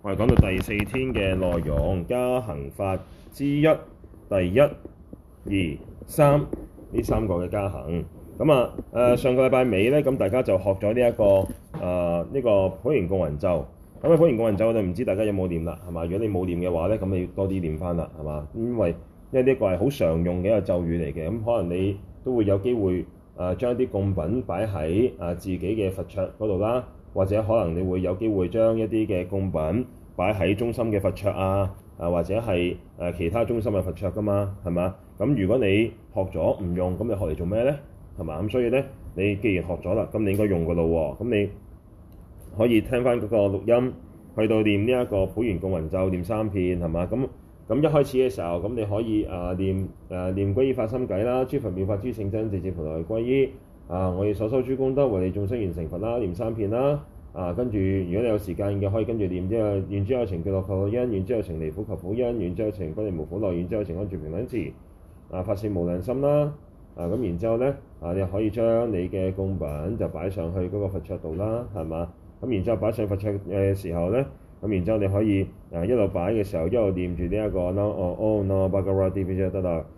我哋講到第四天嘅內容，加行法之一，第一、二、三呢三個嘅加行。咁啊，誒、呃、上個禮拜尾咧，咁大家就學咗呢一個誒呢、呃這個普賢供雲咒。咁、嗯、啊，普賢供雲咒，我哋唔知大家有冇念啦，係嘛？如果你冇念嘅話咧，咁你要多啲念翻啦，係嘛？因為因為呢個係好常用嘅一個咒語嚟嘅，咁、嗯、可能你都會有機會誒將啲供品擺喺啊自己嘅佛桌嗰度啦。或者可能你會有機會將一啲嘅供品擺喺中心嘅佛桌啊，啊或者係誒其他中心嘅佛桌噶嘛，係嘛？咁如果你學咗唔用，咁你學嚟做咩咧？係嘛？咁所以咧，你既然學咗啦，咁你應該用噶咯喎。咁你可以聽翻嗰個錄音，去到念呢一個普賢供雲咒念三遍，係嘛？咁咁一開始嘅時候，咁你可以啊、呃、念誒唸皈依發心偈啦，諸佛妙法諸聖真，直至菩提歸依。啊！我以所修諸功德，為利眾生完成佛啦，念三遍啦。啊，跟住如果你有時間嘅，可以跟住念呢個願諸有情結樂苦因，願諸有情離苦及苦因，願諸有情不離無苦樂，願諸有情安住平等智。啊，發勝無量心啦。啊，咁然之後咧，啊，你可以將你嘅供品就擺上去嗰個佛桌度啦，係嘛？咁然之後擺上佛桌嘅時候咧，咁然之後你可以啊一路擺嘅時候一路念住呢一個 na na na bhagavati bhajata。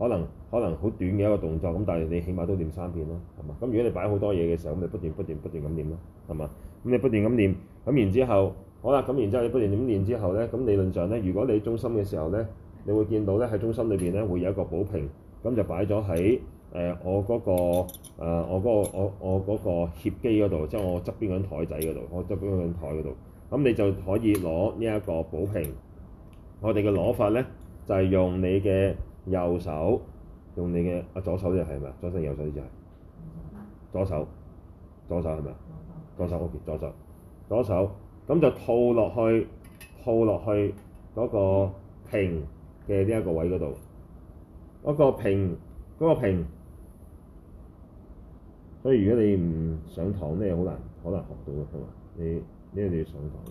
可能可能好短嘅一個動作咁，但係你起碼都念三遍咯，係嘛？咁如果你擺好多嘢嘅時候，咁你不斷不斷不斷咁念咯，係嘛？咁你不斷咁念，咁然之後，好啦，咁然之後你不斷咁念之後咧，咁理論上咧，如果你中心嘅時候咧，你會見到咧喺中心裏邊咧會有一個寶瓶，咁就擺咗喺誒我嗰、那個、呃、我嗰、那個我我嗰個協機嗰度，即、就、係、是、我側邊嗰張台仔嗰度，我側邊嗰張台嗰度，咁你就可以攞呢一個寶瓶。我哋嘅攞法咧就係、是、用你嘅。右手，用你嘅啊左手，就係咪左手？右手就係左手？左手係咪左手 OK，左手左手咁就套落去，套落去嗰個平嘅呢一個位嗰度，嗰個平嗰個平，所以如果你唔上堂啲嘢好難，好難學到嘅。你呢樣你要上堂。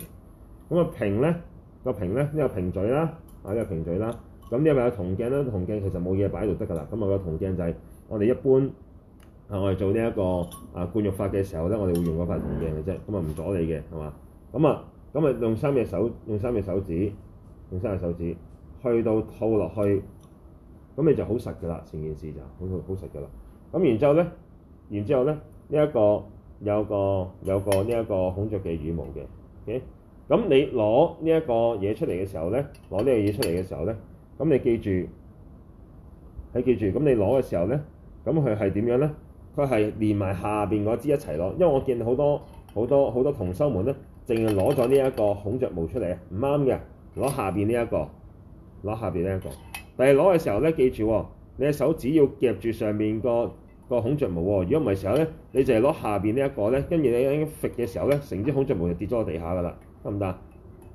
咁啊平咧，個平咧，呢個平嘴啦，啊呢個平嘴啦。咁呢個有銅鏡啦，銅鏡其實冇嘢擺喺度得㗎啦。咁啊個,個銅鏡就係我哋一般啊，我哋做呢一個啊灌浴法嘅時候咧，我哋會用嗰塊銅鏡嘅啫，咁啊唔阻你嘅係嘛？咁啊咁啊用三隻手，用三隻手指，用三隻手指去到套落去，咁你就好實㗎啦，成件事就好好實㗎啦。咁然,後呢然後之後咧，然之後咧呢一個有一個有個呢一個孔雀嘅羽毛嘅 okay？咁你攞呢一個嘢出嚟嘅時候咧，攞呢個嘢出嚟嘅時候咧。咁你記住，你記住。咁你攞嘅時候咧，咁佢係點樣咧？佢係連埋下邊嗰支一齊攞。因為我見好多好多好多同修們咧，淨係攞咗呢一個孔雀毛出嚟，唔啱嘅。攞下邊呢一個，攞下邊呢一個。但係攞嘅時候咧，記住、哦、你嘅手指要夾住上面個個孔雀毛、哦。如果唔係時候咧，你就係攞下邊呢一個咧，跟住你揈嘅時候咧，成支孔雀毛就跌咗落地下㗎啦，得唔得？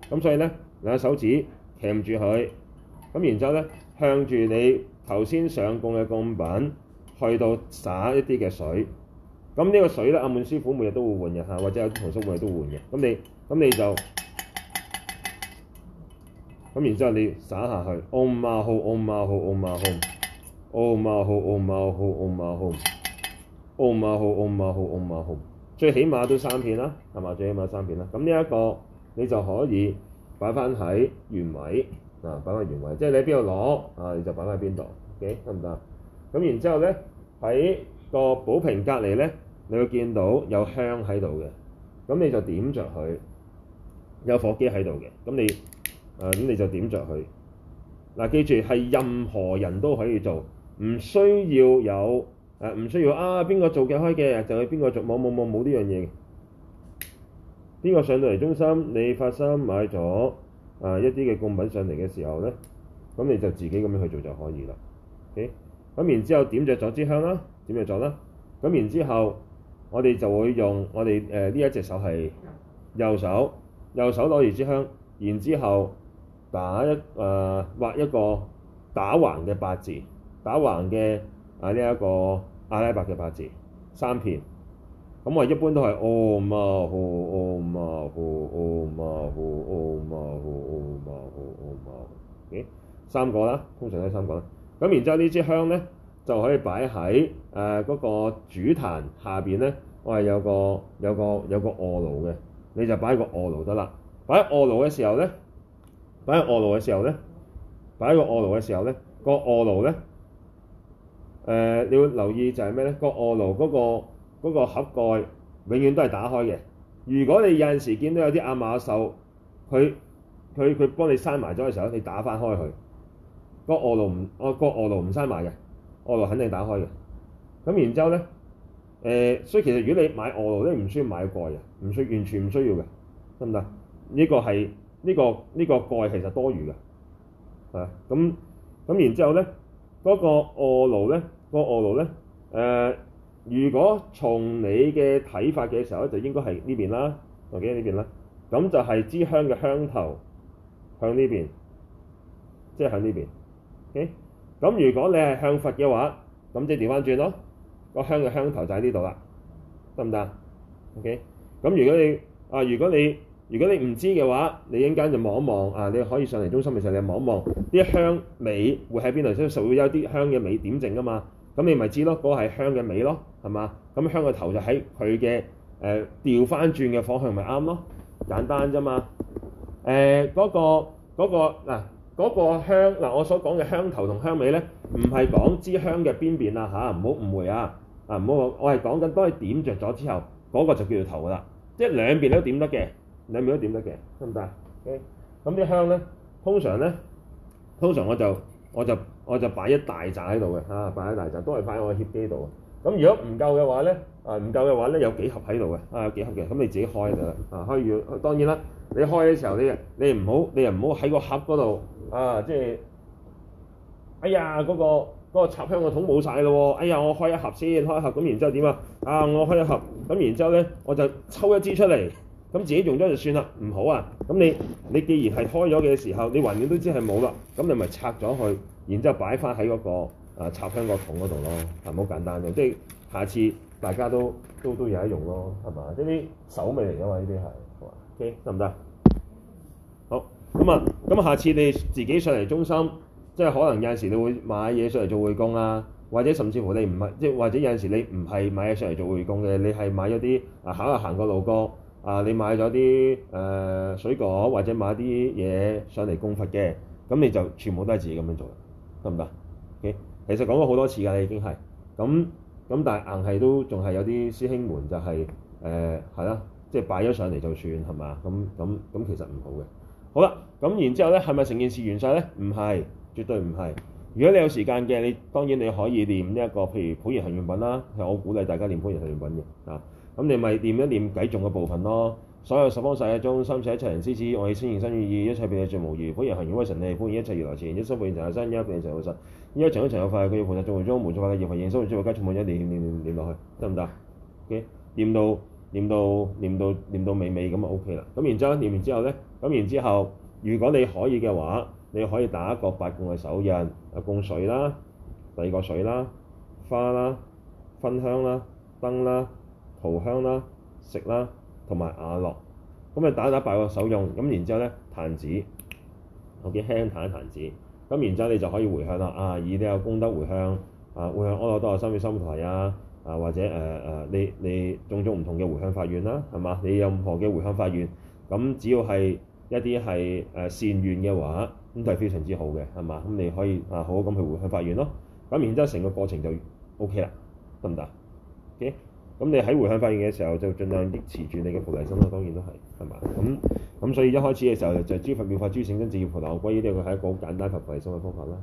咁所以咧，兩隻手指夾住佢。咁然之後咧，向住你頭先上供嘅供品，去到灑一啲嘅水。咁呢個水咧，阿滿師傅每日都會換一吓，或者有啲同叔每日都換嘅。咁你，咁你就，咁然之後你灑下去，奧馬庫奧馬庫奧馬庫，奧馬庫奧馬庫奧馬庫，奧馬庫奧馬庫奧馬庫，最起碼都三片啦，係嘛？最起碼三片啦。咁呢一個，你就可以擺翻喺原位。啊，擺翻原位，即係你喺邊度攞啊，你就擺翻喺邊度，OK 得唔得？咁、啊、然之後咧，喺個寶瓶隔離咧，你會見到有香喺度嘅，咁你就點着佢。有火機喺度嘅，咁你誒咁、啊、你就點着佢。嗱、啊，記住係任何人都可以做，唔需要有誒，唔、啊、需要啊邊個做嘅開嘅就係邊個做，冇冇冇冇呢樣嘢。邊個上到嚟中心？你發心買咗。啊！一啲嘅供品上嚟嘅時候咧，咁你就自己咁樣去做就可以啦。o、okay? 咁然之後點着咗支香啦，點著咗啦。咁然之後，我哋就會用我哋誒呢一隻手係右手，右手攞住支香，然之後打一誒、呃、畫一個打橫嘅八字，打橫嘅啊呢一、呢個阿拉伯嘅八字三片。咁我一般都係 o m a h o m a h o m a h o m a 三個啦，通常都係三個啦。咁然之後呢支香咧，就可以擺喺誒嗰個主壇下邊咧。我係有個有個有個臥爐嘅，你就擺個臥爐得啦。擺喺臥爐嘅時候咧，擺喺臥爐嘅時候咧，擺喺個臥爐嘅時候咧，個臥爐咧，誒，你要留意就係咩咧？爐那個臥爐嗰個。嗰個盒蓋永遠都係打開嘅。如果你有陣時見到有啲阿馬瘦，佢佢佢幫你閂埋咗嘅時候，你打返開佢。個卧爐唔，個卧爐唔閂埋嘅，卧爐肯定打開嘅。咁然之後咧，誒、呃，所以其實如果你買卧爐咧，唔需要買蓋嘅，唔需完全唔需要嘅，得唔得？呢、這個係呢、這個呢、這個蓋其實多餘嘅，係。咁咁然之後咧，嗰、那個卧爐咧，嗰、那個卧爐咧，誒、呃。如果從你嘅睇法嘅時候咧，就應該係呢邊啦。我記得呢邊啦。咁就係支香嘅香頭向呢邊，即係向呢邊。OK。咁如果你係向佛嘅話，咁即係調翻轉咯。個香嘅香頭就喺呢度啦，得唔得？OK。咁如果你啊，如果你如果你唔知嘅話，你陣間就望一望。啊，你可以上嚟中心嘅時候，你望一望。啲香尾會喺邊度？即係屬於有啲香嘅尾點整噶嘛？咁你咪知咯，嗰個係香嘅尾咯，係嘛？咁香嘅頭就喺佢嘅誒調翻轉嘅方向咪啱咯，簡單啫嘛。誒嗰個嗰個嗱嗰個香嗱，我所講嘅香頭同香尾咧，唔係講支香嘅邊邊啦吓，唔好誤會啊！啊唔好，我係講緊當你點着咗之後，嗰個就叫做頭啦，即係兩邊都點得嘅，兩邊都點得嘅，得唔得？OK？咁啲香咧，通常咧，通常我就我就。我就擺一大紮喺度嘅，啊，擺一大紮都係擺我嘅協機度。咁、啊、如果唔夠嘅話咧，啊唔夠嘅話咧，有幾盒喺度嘅，啊有幾盒嘅，咁你自己開就得啦。啊，開完、啊，當然啦，你開嘅時候咧，你唔好，你唔好喺個盒嗰度啊，即係哎呀嗰、嗰個嗰個插香嘅桶冇曬咯。哎呀，我開一盒先，開一盒咁，盒然之後點啊？啊，我開一盒咁，然之後咧我就抽一支出嚟，咁自己用咗就算啦。唔好啊，咁你你既然係開咗嘅時候，你橫掂都知係冇啦，咁你咪拆咗佢。然之後擺翻喺嗰個、呃、插香個桶嗰度咯，係好簡單嘅，即係下次大家都都都有得用咯，係嘛？即啲手尾嚟噶嘛？呢啲係 OK 得唔得？好咁啊！咁、okay，下次你自己上嚟中心，即係可能有陣時你會買嘢上嚟做會供啦、啊，或者甚至乎你唔係即係或者有陣時你唔係買嘢上嚟做會供嘅，你係買咗啲啊行啊行過路過啊、呃，你買咗啲誒水果或者買啲嘢上嚟供佛嘅，咁你就全部都係自己咁樣做。得唔得？是是 okay. 其實講過好多次㗎啦，已經係咁咁，但係硬係都仲係有啲師兄們就係誒係啦，即係擺咗上嚟就算係嘛？咁咁咁，其實唔好嘅。好啦，咁然之後咧係咪成件事完晒咧？唔係，絕對唔係。如果你有時間嘅，你當然你可以念呢一個，譬如普賢行願品啦，係我鼓勵大家念普賢行願品嘅啊。咁你咪念一念偈重嘅部分咯。所有十方世界中，三世一切人師子，我以清淨身語意，一切遍禮盡無餘。普賢行願威神力，普現一切如來前。一心奉現成阿彌一佛，成有彌陀一心一塵有快，佢要菩提做回中。種無種法，業慧現，所以諸佛皆充滿一年，念念念落去，得唔得？O K，念到念到念到念到美美咁就 O K 啦。咁然之後，念完之後咧，咁然之後，如果你可以嘅話，你可以打一個八供嘅手印，阿供水啦，第二個水啦，花啦，薰香啦，燈啦，塗香啦，食啦。同埋阿樂，咁啊打一打拜個手用，咁然之後咧彈指，OK 輕彈一彈指，咁然之後你就可以回向啦。啊，以你有功德回向，啊回向阿耨多羅三藐三菩提啊，啊或者誒誒、呃、你你種種唔同嘅回向法緣啦，係嘛？你有任何嘅回向法緣，咁只要係一啲係誒善願嘅話，咁都係非常之好嘅，係嘛？咁你可以啊好好咁去回向法緣咯。咁然之後成個過程就 OK 啦，得唔得？OK。咁你喺回向發願嘅時候，就盡量憶持住你嘅菩提心啦。當然都係，係嘛？咁咁所以一開始嘅時候就是、諸佛妙法諸善根自業菩提學歸依，呢個係一個好簡單求菩提心嘅方法啦。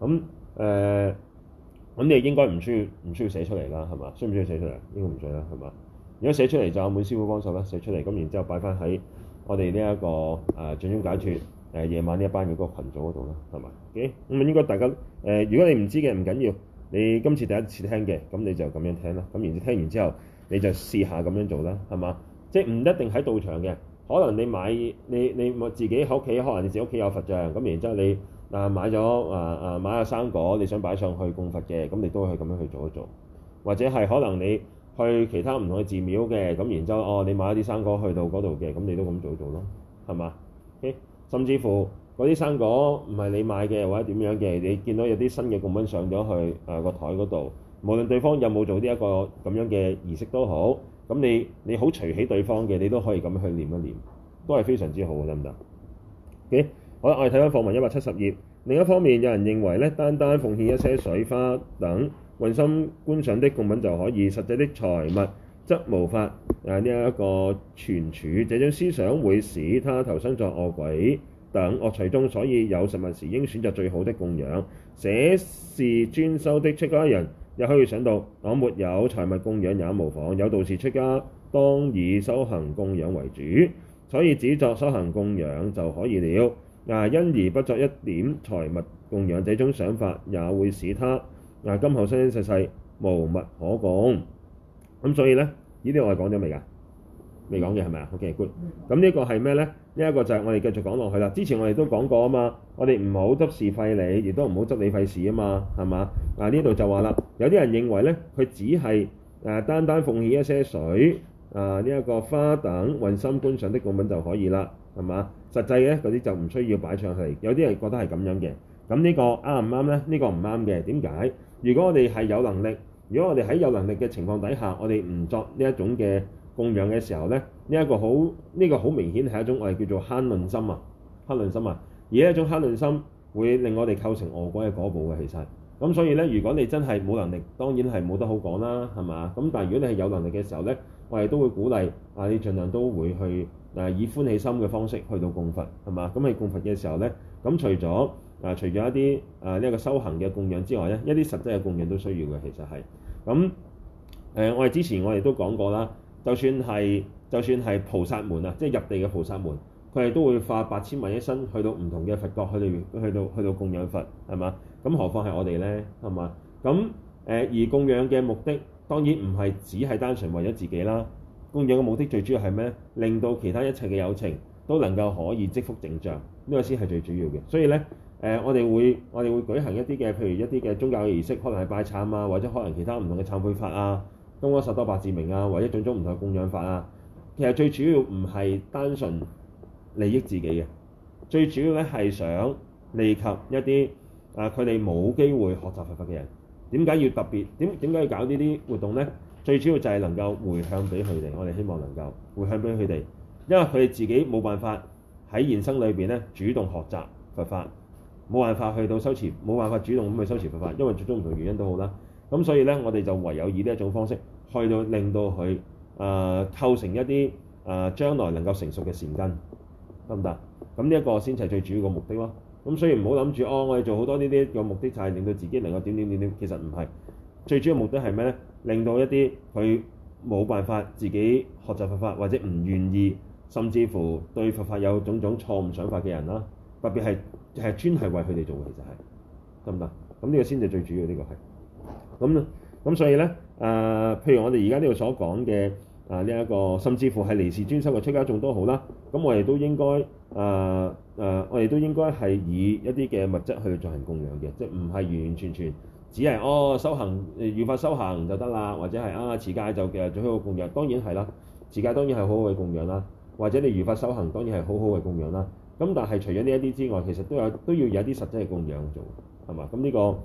咁誒，咁、呃、你應該唔需要唔需要寫出嚟啦，係嘛？需唔需要寫出嚟？應該唔需要，係嘛？如果寫出嚟就阿滿師傅幫手啦，寫出嚟咁然之後擺翻喺我哋呢一個誒盡心解脱誒、呃、夜晚呢一班嘅嗰個羣組嗰度啦，係嘛？咁、okay? 應該大家誒、呃，如果你唔知嘅唔緊要。你今次第一次聽嘅，咁你就咁樣聽啦。咁然之聽完之後，你就試下咁樣做啦，係嘛？即係唔一定喺道場嘅，可能你買你你自己喺屋企，可能你自己屋企有佛像，咁然之後你嗱、啊、買咗啊啊買下生果，你想擺上去供佛嘅，咁你都可以咁樣去做一做。或者係可能你去其他唔同嘅寺廟嘅，咁然之後哦，你買一啲生果去到嗰度嘅，咁你都咁做一做咯，係嘛？Okay? 甚至乎。嗰啲生果唔係你買嘅，或者點樣嘅？你見到有啲新嘅供品上咗去誒、呃、個台嗰度，無論對方有冇做啲一個咁樣嘅儀式都好，咁你你好隨喜對方嘅，你都可以咁去念一念，都係非常之好，得唔得？OK，好啦，我哋睇翻課文一百七十頁。另一方面，有人認為咧，單單奉獻一些水花等運心觀賞的供品就可以，實際的財物則無法誒呢一個存儲。這種、個、思想會使他投生作餓鬼。等惡趣中，所以有實物時應選擇最好的供養。捨事專修的出家的人，也可以想到，我沒有財物供養也無妨。有道是出家當以修行供養為主，所以只作修行供養就可以了。啊，因而不作一點財物供養這種想法，也會使他啊，今後生生世世無物可供。咁、啊、所以呢，呢啲我係講咗未㗎？未講嘅係咪啊？OK，good。咁、okay, 呢一個係咩咧？呢、這、一個就係我哋繼續講落去啦。之前我哋都講過啊嘛，我哋唔好執事廢理，亦都唔好執理廢事啊嘛，係嘛？嗱、啊，呢度就話啦，有啲人認為咧，佢只係誒、呃、單單奉獻一些水啊，呢、呃、一、這個花等運心觀想的供品就可以啦，係嘛？實際咧嗰啲就唔需要擺上去，有啲人覺得係咁樣嘅，咁呢個啱唔啱咧？呢、這個唔啱嘅。點、這、解、個？如果我哋係有能力，如果我哋喺有能力嘅情況底下，我哋唔作呢一種嘅。供養嘅時候咧，呢、這、一個好呢、這個好明顯係一種我哋叫做慳吝心啊，慳吝心啊，而一種慳吝心會令我哋構成餓鬼嘅果報嘅其實。咁所以咧，如果你真係冇能力，當然係冇得好講啦，係嘛？咁但係如果你係有能力嘅時候咧，我哋都會鼓勵啊，你儘量都會去啊，以歡喜心嘅方式去到供佛，係嘛？咁喺供佛嘅時候咧，咁除咗啊，除咗、啊、一啲啊呢、這個修行嘅供養之外咧，一啲實際嘅供養都需要嘅其實係。咁、嗯、誒，我、啊、哋、啊、之前我哋都講過啦。就算係就算係菩薩門啊，即係入地嘅菩薩門，佢哋都會化八千萬一身去到唔同嘅佛國，佢哋去到去到，去到供養佛，係嘛？咁何況係我哋呢？係嘛？咁、呃、而供養嘅目的當然唔係只係單純為咗自己啦，供養嘅目的最主要係咩？令到其他一切嘅有情都能夠可以積福淨障，呢、這個先係最主要嘅。所以呢，呃、我哋會我哋會舉行一啲嘅譬如一啲嘅宗教嘅儀式，可能係拜懺啊，或者可能其他唔同嘅懺悔法啊。東哥十多八字明啊，或者種種唔同嘅供養法啊，其實最主要唔係單純利益自己嘅，最主要咧係想利及一啲啊，佢哋冇機會學習佛法嘅人。點解要特別？點點解要搞呢啲活動咧？最主要就係能夠回向俾佢哋。我哋希望能夠回向俾佢哋，因為佢哋自己冇辦法喺現生裏邊咧主動學習佛法，冇辦法去到修持，冇辦法主動咁去修持佛法，因為最終唔同原因都好啦。咁所以咧，我哋就唯有以呢一種方式去到令到佢啊、呃、構成一啲啊、呃、將來能夠成熟嘅善根，得唔得？咁呢一個先係最主要嘅目的咯。咁所以唔好諗住哦，我哋做好多呢啲嘅目的就係令到自己能夠點點點點，其實唔係最主要嘅目的係咩咧？令到一啲佢冇辦法自己學習佛法，或者唔願意，甚至乎對佛法有種種錯誤想法嘅人啦、啊，特別係係專係為佢哋做嘅，就係得唔得？咁呢個先至最主要呢、呢個係。咁咁、嗯嗯、所以咧，誒、呃，譬如我哋而家呢度所講嘅，啊、呃，呢、這、一個，甚至乎係離世專修嘅出家眾都好啦，咁、嗯、我哋都應該，誒、呃、誒、呃，我哋都應該係以一啲嘅物質去進行供養嘅，即係唔係完完全全只，只係哦修行，誒、呃，如法修行就得啦，或者係啊持戒就嘅最好嘅供養，當然係啦，持戒當然係好好嘅供養啦，或者你如法修行當然係好好嘅供養啦，咁、嗯、但係除咗呢一啲之外，其實都有都要有一啲實際嘅供養做，係嘛？咁、嗯、呢、嗯嗯這個。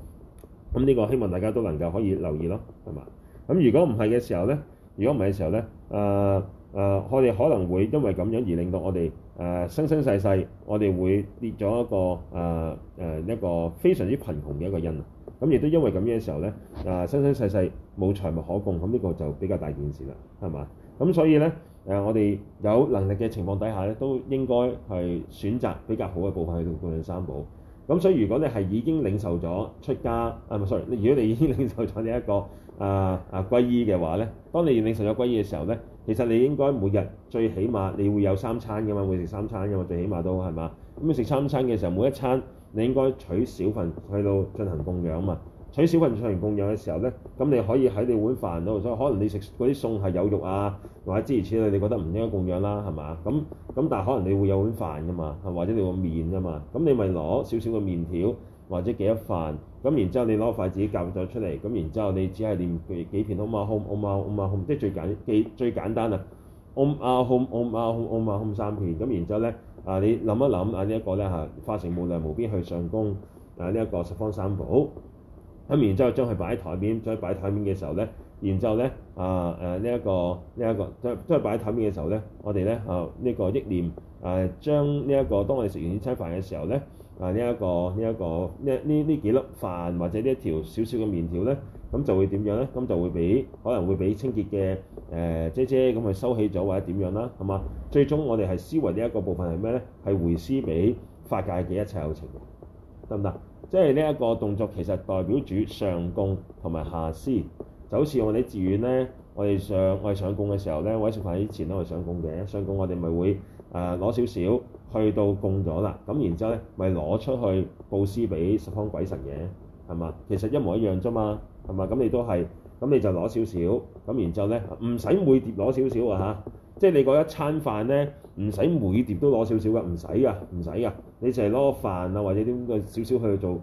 咁呢個希望大家都能夠可以留意咯，係嘛？咁如果唔係嘅時候呢？如果唔係嘅時候呢？誒、呃、誒，我、呃、哋可能會因為咁樣而令到我哋誒、呃、生生世世，我哋會跌咗一個誒誒、呃呃、一個非常之貧窮嘅一個因。咁、嗯、亦都因為咁樣嘅時候呢，誒、呃、生生世世冇財物可供，咁、嗯、呢、這個就比較大件事啦，係嘛？咁、嗯、所以呢，誒、呃，我哋有能力嘅情況底下呢，都應該係選擇比較好嘅部分去到供養三寶。咁、嗯、所以如果你係已經領受咗出家啊唔係 sorry，如果你已經領受咗你一個啊啊皈依嘅話咧，當你領受咗皈依嘅時候咧，其實你應該每日最起碼你會有三餐㗎嘛，會食三餐㗎嘛，最起碼都係嘛。咁你食三餐嘅時候，每一餐你應該取少份去到進行供養嘛。取小份菜嚟供養嘅時候咧，咁你可以喺你碗飯度，所以可能你食嗰啲餸係有肉啊，或者諸如此類，你覺得唔應該供養啦、啊，係嘛？咁咁但係可能你會有碗飯㗎嘛，或者你個麵㗎嘛，咁你咪攞少少個麵條或者幾粒飯，咁然之後你攞筷子夾咗出嚟，咁然之後你只係念佢幾片都冇空，冇冇冇即係最簡最最簡單啦，冇冇空冇冇空冇冇空三片，咁然之後咧啊，你諗一諗啊呢一個咧嚇化成無量無邊去上供啊呢一個十方三寶。咁然之後將佢擺喺台面，再擺喺台面嘅時候咧，然之後咧啊誒呢一個呢一個將將佢擺喺台面嘅時候咧，我哋咧啊呢個憶念啊將呢一個當我哋食完一餐飯嘅時候咧啊呢一個呢一個呢呢呢幾粒飯或者條小小條呢一條少少嘅麵條咧，咁就會點樣咧？咁就會俾可能會俾清潔嘅誒、呃、姐姐咁去收起咗或者點樣啦，係嘛？最終我哋係思維呢一個部分係咩咧？係回思俾法界嘅一切有情，得唔得？即係呢一個動作，其實代表住上供同埋下施，就好似我哋寺院咧，我哋上我哋上供嘅時候咧，我哋食飯之前都係上供嘅，上供我哋咪會誒攞、呃、少少去到供咗啦，咁然之後咧咪攞出去布施俾十方鬼神嘅，係嘛？其實一模一樣啫嘛，係嘛？咁你都係，咁你就攞少少，咁然之後咧唔使每碟攞少少啊嚇，即係你嗰一餐飯咧唔使每碟都攞少少嘅，唔使㗎，唔使㗎。你就係攞飯啊，或者啲咁少少去做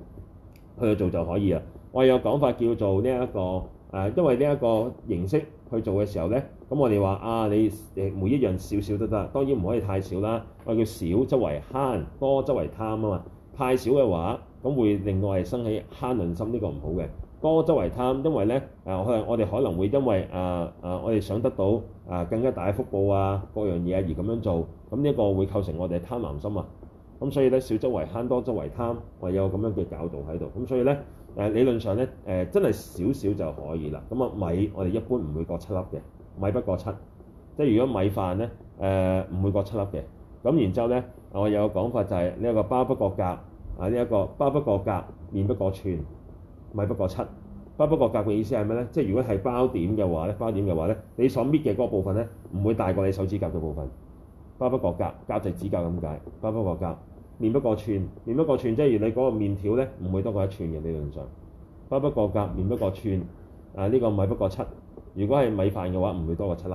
去做就可以啊。我有講法叫做呢、這、一個誒、呃，因為呢一個形式去做嘅時候呢，咁我哋話啊，你每一樣少少都得，當然唔可以太少啦。我叫少周圍慳，多周圍貪啊嘛。太少嘅話，咁會令我係生起慳吝心呢、這個唔好嘅。多周圍貪，因為呢，誒、呃，我哋可能會因為啊啊、呃呃，我哋想得到啊、呃、更加大嘅福報啊，各樣嘢、啊、而咁樣做，咁呢個會構成我哋貪婪心啊。咁、嗯、所以咧，少則為慳，多則為貪，我有咁樣嘅教導喺度。咁、嗯、所以咧，誒、呃、理論上咧，誒、呃、真係少少就可以啦。咁啊，米我哋一般唔會割七粒嘅，米不過七。即係如果米飯咧，誒、呃、唔會割七粒嘅。咁然之後咧，我有個講法就係呢一個包不過格啊，呢、這、一個包不過格，面不過寸，米不過七。包不過格嘅意思係咩咧？即係如果係包點嘅話咧，包點嘅話咧，你所搣嘅嗰部分咧，唔會大過你手指甲嘅部分。包不過格，格就指甲咁解。包不過格。麵不過寸，面不過寸，即係如你嗰個麵條咧，唔會多過一寸嘅，理論上。包不過格，面不過寸。啊、呢、呢個米不過七。如果係米飯嘅話，唔會多過七粒。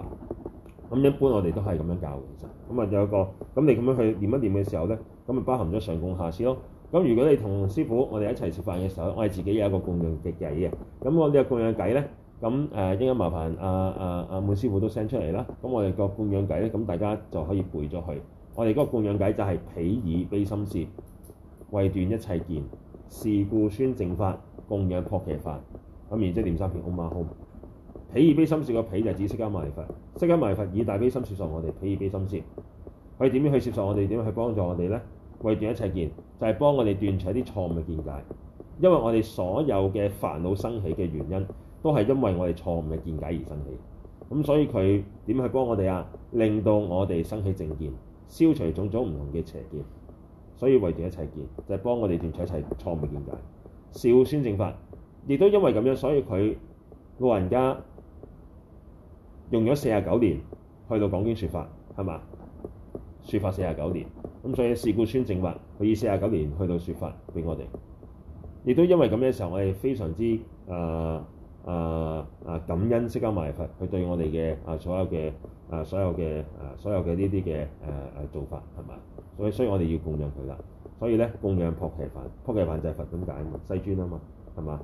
咁一般我哋都係咁樣教嘅，其實咁啊有一個，咁你咁樣去念一念嘅時候咧，咁咪包含咗上供下施咯。咁如果你同師傅我哋一齊食飯嘅時候，我哋自己有一個供養偈嘅。咁我呢個供養偈咧，咁誒應該麻煩阿阿阿梅師傅都 send 出嚟啦。咁我哋個供養偈咧，咁大家就可以背咗去。我哋嗰個供養偈就係彼以悲心事，為斷一切見，是故宣正法，供養破邪法。咁然之後點三遍 Om Mani 彼以悲心事，個彼就指釋迦牟尼佛，釋迦牟尼佛以大悲心攝受我哋，彼以悲心事。佢以點樣去接受我哋？點去幫助我哋咧？為斷一切見，就係、是、幫我哋斷除一啲錯誤嘅見解。因為我哋所有嘅煩惱生起嘅原因，都係因為我哋錯誤嘅見解而生起。咁所以佢點去幫我哋啊？令到我哋生起正見。消除種種唔同嘅邪見，所以為住一切見，就係、是、幫我哋斷除一切錯誤嘅見解。少宣正法，亦都因為咁樣，所以佢老人家用咗四十九年去到講經説法，係嘛？説法四十九年，咁所以事故宣正法，佢以四十九年去到説法俾我哋，亦都因為咁嘅時候，我哋非常之誒誒誒感恩釋迦牟尼佛，佢對我哋嘅啊所有嘅。啊！所有嘅、呃、啊，所有嘅呢啲嘅誒誒做法係嘛？所以所以我哋要供養佢啦。所以咧，供養薄伽梵，薄伽梵就係佛，點解西磚啊嘛？係嘛？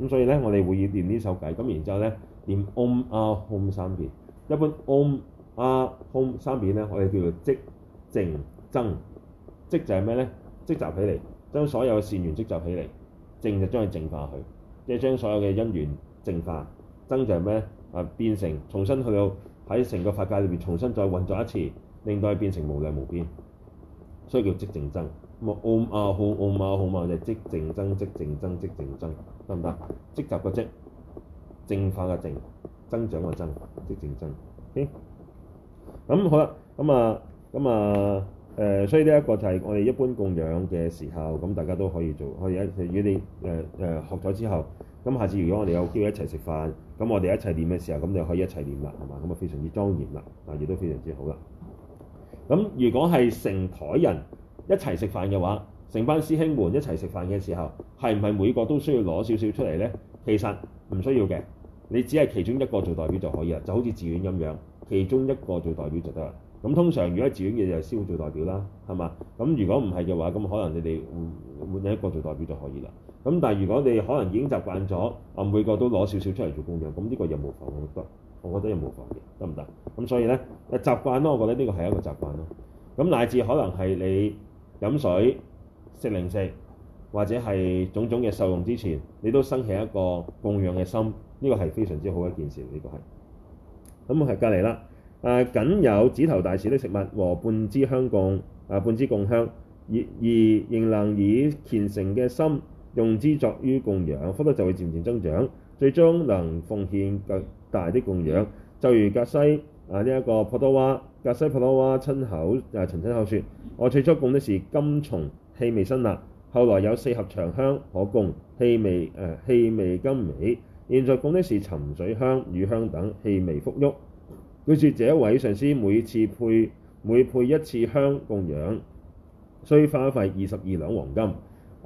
咁所以咧，我哋會要練呢首偈咁，然之後咧念 om ah hum 三遍。一般 om ah hum 三遍咧，我哋叫做積、淨、增。積就係咩咧？積集起嚟，將所有善緣積集起嚟。淨就將佢淨化佢，即係將所有嘅因緣淨化。增就係咩啊，變成重新去到。喺成個法界裏邊重新再運作一次，令到佢變成無量無邊，所以叫積淨增。奧、嗯、啊，好奧妙好妙就係積淨增、積淨增、積淨增，得唔得？積、嗯、集、啊嗯啊、個積，淨化嘅淨，增長嘅增，積淨增。咁好啦，咁啊，咁啊，誒、呃，所以呢一個就係我哋一般供養嘅時候，咁大家都可以做，可以一，如果你誒誒學咗之後，咁下次如果我哋有機會一齊食飯。咁我哋一齊練嘅時候，咁你可以一齊練啦，係嘛？咁啊非常之莊嚴啦，啊亦都非常之好啦。咁如果係成台人一齊食飯嘅話，成班師兄們一齊食飯嘅時候，係唔係每個都需要攞少少出嚟咧？其實唔需要嘅，你只係其中一個做代表就可以啦，就好似寺院咁樣，其中一個做代表就得啦。咁通常如果自願嘅就先會做代表啦，係嘛？咁如果唔係嘅話，咁可能你哋換換另一個做代表就可以啦。咁但係如果你可能已經習慣咗，我每個都攞少少出嚟做供養，咁呢個又冇妨，我覺得我覺得又冇妨嘅，得唔得？咁所以咧，誒習慣咯，我覺得呢個係一個習慣咯。咁乃至可能係你飲水、食零食或者係種種嘅受用之前，你都生起一個供養嘅心，呢個係非常之好嘅一件事，呢個係。咁係隔籬啦。誒、啊、僅有指頭大小的食物和半支香供，誒、啊、半支供香而，而仍能以虔誠嘅心用之作於供養，福德就會漸漸增長，最終能奉獻更大的供養。就如格西誒呢一個普多瓦格西普多瓦親口誒親親口説：我最初供的是甘松氣味辛辣，後來有四合長香可供氣味誒氣、啊、味甘美，現在供的是沉水香、乳香等氣味馥郁。據說：這一位上師每次配每配一次香供養，需花費二十二兩黃金。誒、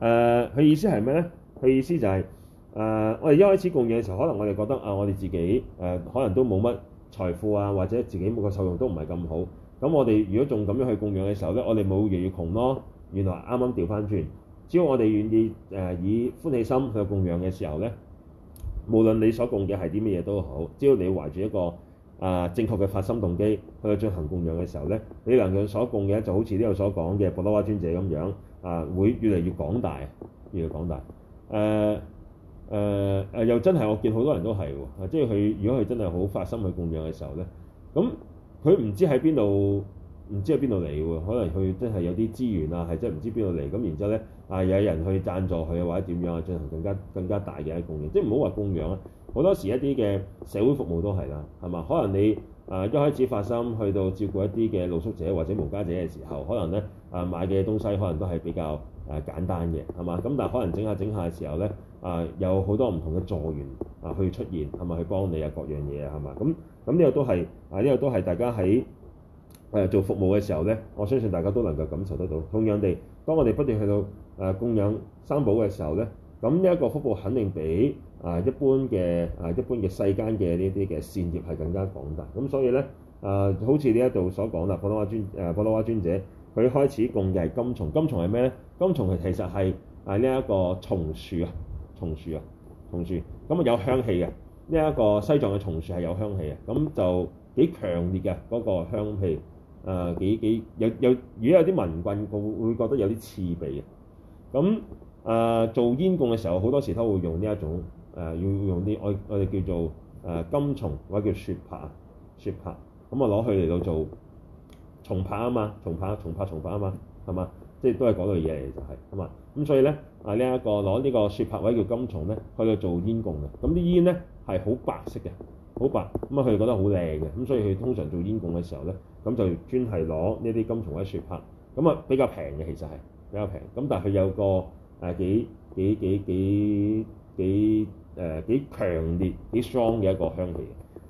呃，佢意思係咩咧？佢意思就係、是、誒、呃，我哋一開始供養嘅時候，可能我哋覺得啊，我哋自己誒、呃、可能都冇乜財富啊，或者自己每個受用都唔係咁好。咁我哋如果仲咁樣去供養嘅時候咧，我哋冇越越窮咯。原來啱啱調翻轉，只要我哋願意誒以歡喜心去供養嘅時候咧，無論你所供嘅係啲咩嘢都好，只要你懷住一個。啊，正確嘅發心動機去進行供養嘅時候咧，你能夠所供嘅就好似呢度所講嘅博多瓦尊者咁樣啊，會越嚟越廣大，越嚟越廣大。誒誒誒，又真係我見好多人都係喎、啊，即係佢如果佢真係好發心去供養嘅時候咧，咁佢唔知喺邊度，唔知喺邊度嚟喎，可能佢真係有啲資源啊，係真係唔知邊度嚟，咁然之後咧啊，有人去贊助佢或者點樣啊，進行更加更加大嘅一供養，即係唔好話供養啊。好多時一啲嘅社會服務都係啦，係嘛？可能你啊、呃、一開始發心去到照顧一啲嘅露宿者或者無家者嘅時候，可能咧啊、呃、買嘅東西可能都係比較啊、呃、簡單嘅，係嘛？咁但係可能整下整下嘅時候咧、呃、啊，有好多唔同嘅助緣啊去出現，係咪去幫你啊各樣嘢，係嘛？咁咁呢個都係啊呢、這個都係大家喺誒、呃、做服務嘅時候咧，我相信大家都能夠感受得到。同樣地，當我哋不斷去到誒、呃、供養三寶嘅時候咧，咁呢一個福報肯定比，啊，一般嘅啊，一般嘅世間嘅呢啲嘅善業係更加廣大。咁所以咧、呃，啊，好似呢一度所講啦，樸穹瓦尊誒樸穹瓦尊者，佢開始供嘅係甘松。甘松係咩咧？甘松係其實係啊呢一個松樹啊，松樹啊，松樹。咁啊有香氣嘅呢一個西藏嘅松樹係有香氣嘅。咁就幾強烈嘅嗰、那個香氣。誒幾幾有有，如果有啲文棍會會覺得有啲刺鼻嘅。咁誒、呃、做煙供嘅時候，好多時都會用呢一種。誒、呃、要用啲我我哋叫做誒甘、呃、松或者叫雪珀、嗯、啊，雪珀咁啊攞佢嚟到做松珀啊嘛，松珀、松珀、松珀啊嘛，係嘛？即係都係嗰類嘢嚟就係，咁嘛。咁所以咧啊呢一、這個攞呢個雪珀或者叫甘松咧去到做煙供嘅，咁、嗯、啲煙咧係好白色嘅，好白咁啊佢覺得好靚嘅，咁、嗯、所以佢通常做煙供嘅時候咧，咁就專係攞呢啲甘松或者雪珀，咁、嗯、啊比較平嘅其實係比較平，咁但係佢有個誒幾幾幾幾幾。幾幾幾幾幾幾幾幾誒幾、呃、強烈、幾 strong 嘅一個香氣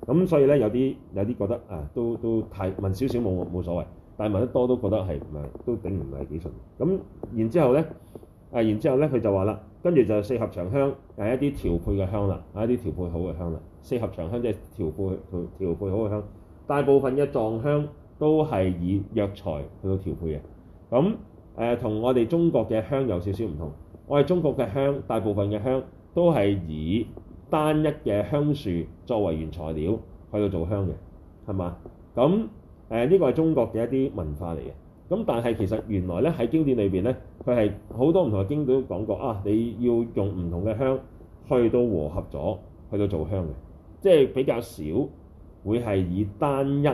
嘅，咁所以咧有啲有啲覺得啊，都都太聞少少冇冇所謂，但係聞得多都覺得係唔係都頂唔係幾順。咁然之後咧，誒、啊、然之後咧佢就話啦，跟住就四合長香係一啲調配嘅香啦，啊一啲調配好嘅香啦，四合長香即係調配調調配好嘅香。大部分嘅藏香都係以藥材去到調配嘅，咁誒同我哋中國嘅香有少少唔同。我哋中國嘅香大部分嘅香，都係以單一嘅香樹作為原材料去到做香嘅，係嘛？咁誒呢個係中國嘅一啲文化嚟嘅。咁但係其實原來咧喺經典裏邊咧，佢係好多唔同嘅經典講過啊，你要用唔同嘅香去到和合咗去到做香嘅，即係比較少會係以單一